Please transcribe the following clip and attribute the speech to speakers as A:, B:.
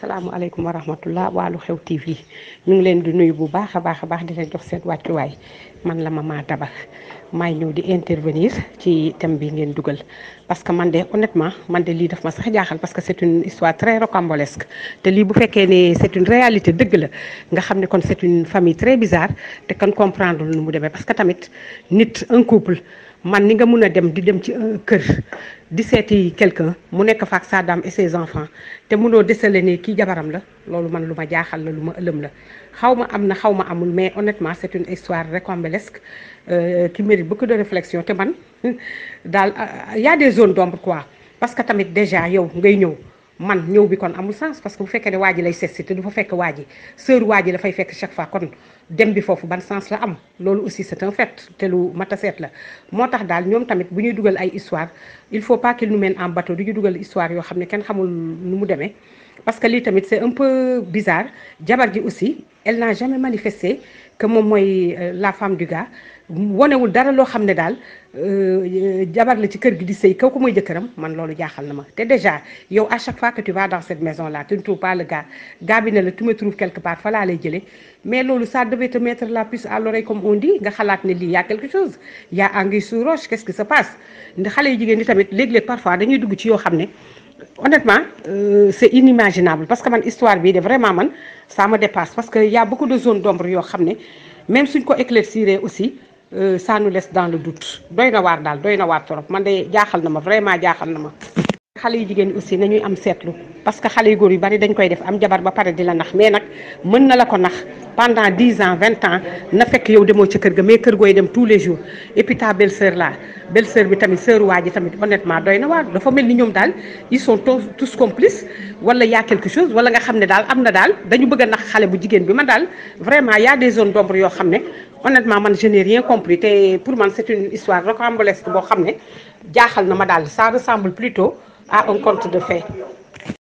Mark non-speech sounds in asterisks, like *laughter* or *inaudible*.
A: salaamaaleykum wa rahmatullah wàllu xew TV ñu ngi leen di nuyu bu baax a baax a baax di leen jox seen wàccuwaay man la ma Mama Daba maay ñëw di intervenir ci thème bi ngeen dugal parce que man de honnêtement man de lii def ma sax jaaxal parce que c' est une histoire très rocambolesque te lii bu fekkee ne c' est une réalité dëgg la nga xam ne kon c' est une famille très bizarre te kan comprendre lu mu demee parce que tamit nit un couple. man ni nga mun a dem di dem ci euh, kër di seeti quelqu'un mu nekk faak sa dame et ses enfants te munoo desale ne kii jabaram la loolu man lu ma jaaxal la lu ma ëlëm la xaw ma am na xaw ma amul mais honnêtement c'est une histoire rocambolesque euh, qui bu ko de réflexion te man *laughs* daal euh, y a des zones d'ombre quoi parce que tamit déjà yow ngay ñëw man ñëw bi kon amul sens parce que bu fekkee ne waa ji lay seet si te du fa fekk waa ji sœur waa ji dafay fekk chaque fois kon dem bi foofu ban sens la am loolu aussi c'est un fait te lu mat a seet la moo tax daal ñoom tamit bu ñuy dugal ay histoire il faut pas qu'il nous mène en bateau du ñu dugal histoire yoo xam ne kenn xamul nu mu demee parce que lii tamit c'est un peu bizarre jabar ji aussi elle n'a jamais manifesté que moom mooy euh, la femme du gars wonewul dara loo xam ne daal euh, jabar la ci kër gi di sëy kaw ko mooy jëkkëram man loolu jaaxal na ma te déjà yow à chaque fois que tu vas dans cette maison là tu ne trouves pas le gars gars bi ne la tu me mais loolu ça devait te la puce à l'oreille comme on dit nga xalaat ne lii y a quelque chose y a anguille sous roche qu'est-ce se passe xale yu jigéen ñi tamit léeg-léeg parfois dañuy dugg ci yoo xam ne honnêtement euh, c'est inimaginable parce que man histoire bii de vraiment man ça me dépasse parce que y a beaucoup de zones d'ombre yoo xam ne même suñ ko éclaircir aussi euh, ça nous laisse dans le doute doy na waar daal doy na waar trop man de jaaxal na ma vraiment jaaxal na ma. xale yu jigéen aussi nañuy am seetlu parce que xale yu góor yu bari dañ koy def am jabar ba pare di la nax mais nag mën na la ko nax pendant dix ans vingt ans na fekk yow demoo ci kër ga mais kër gooy dem tous les jours et puis ta belle-sœur là belle bi tamit sœur waa ji tamit honnêtement doy na waar dafa mel ni ñoom daal ils sont tous tous complices wala y a quelque chose wala nga xam ne daal am na daal dañu bëgg a nax xale bu jigéen bi man daal vraiment y des zones d'ombre yoo xam ne honnêtement man je n'ai pour man c'est une histoire rocambolesque boo xam ne jaaxal na ma daal ça ressemble plutôt à un compte de fait